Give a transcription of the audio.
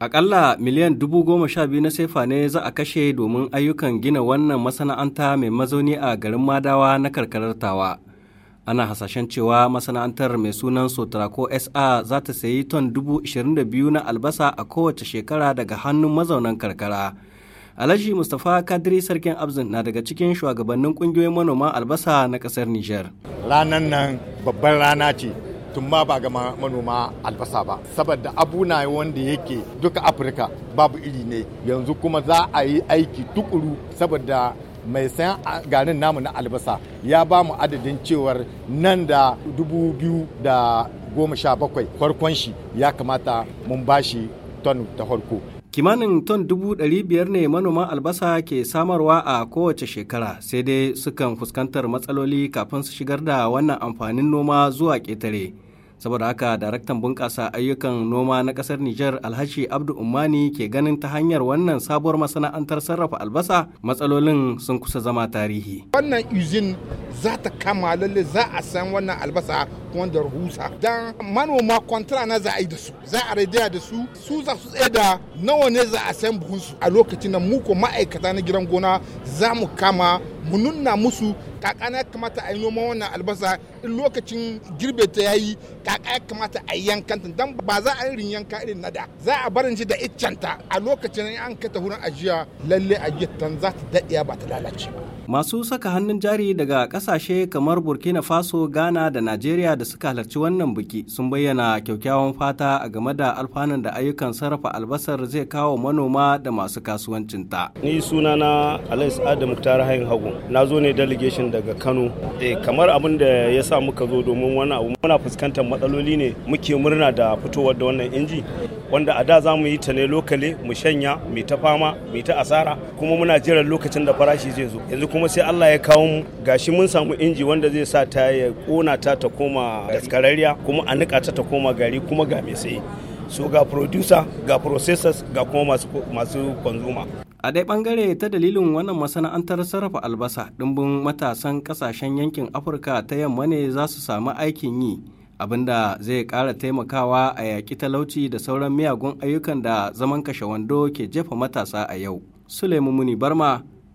Akalla miliyan dubu goma sha biyu na sefa ne za a kashe domin ayyukan gina wannan masana'anta mai mazauni a garin Madawa na karkarar Tawa. Ana hasashen cewa masana'antar mai sunan Sotrako SA za ta sayi ton dubu ishirin da biyu na albasa a kowace shekara daga hannun mazaunan karkara. Alhaji Mustapha Kadiri Sarkin Abzin na daga cikin shugabannin ƙungiyoyin manoma albasa na ƙasar Nijar. Ranar nan babban rana ce tun tumma ba ga manoma albasa ba saboda abuna wanda yake duka afirka babu iri ne yanzu kuma za a yi aiki tukuru saboda mai sayan garin namu na albasa ya ba mu adadin cewar nan da dubu biyu da goma sha bakwai farkon shi ya kamata mun bashi ton ta farko kimanin ton dubu ɗari biyar ne manoman albasa ke samarwa a kowace shekara sai dai sukan fuskantar matsaloli kafin su shigar da wannan amfanin noma zuwa ƙetare saboda haka daraktan bunƙasa ayyukan noma na ƙasar Nijar, Alhashi abdu umani ke ganin ta hanyar wannan sabuwar masana'antar sarrafa albasa matsalolin sun kusa zama tarihi wannan izin za ta kama lalle za a san wannan albasa wanda rahusa dan manoma kwantara na za a yi da su za a raidiya da su su za su tsaye da nawa ne za a sayan buhunsu a lokacin da mu ko ma'aikata na gidan gona za mu kama mu nuna musu kaka ya kamata a yi noma wannan albasa in lokacin girbe ta yayi kaka ya kamata a yi yankanta dan ba za a yi yanka irin na da za a barin shi da iccanta a lokacin an ta wurin ajiya lalle ajiyar tan za ta daɗiya ba ta lalace ba Masu saka hannun jari daga kasashe kamar Burkina Faso, Ghana da nigeria da suka halarci wannan biki sun bayyana kyakkyawan fata a game da alfanun da ayyukan sarrafa albasar zai kawo manoma da masu kasuwancin ta Ni suna na Alex Adam Muktar Hayin Hagu. Na zo ne delegation daga Kano. Eh kamar abin da ya sa muka zo domin wani abu muna fuskantar matsaloli ne muke murna da fitowar da wannan inji wanda a da za mu yi ta ne lokale mu shanya mai ta fama mai ta asara kuma muna jiran lokacin da farashi zai zo. Yanzu kuma sai Allah ya kawo mu gashi mun samu inji wanda zai sa ta ya kona ta ta koma daskararriya kuma a nika ta ta koma gari kuma ga mai sai so ga producer ga processors ga kuma masu kwanzuma. a dai bangare ta dalilin wannan masana'antar sarrafa albasa dimbin matasan kasashen yankin afirka ta yamma ne za su samu aikin yi abinda zai kara taimakawa a yaƙi talauci da sauran miyagun ayyukan da zaman kashe wando ke jefa matasa a yau suleiman muni barma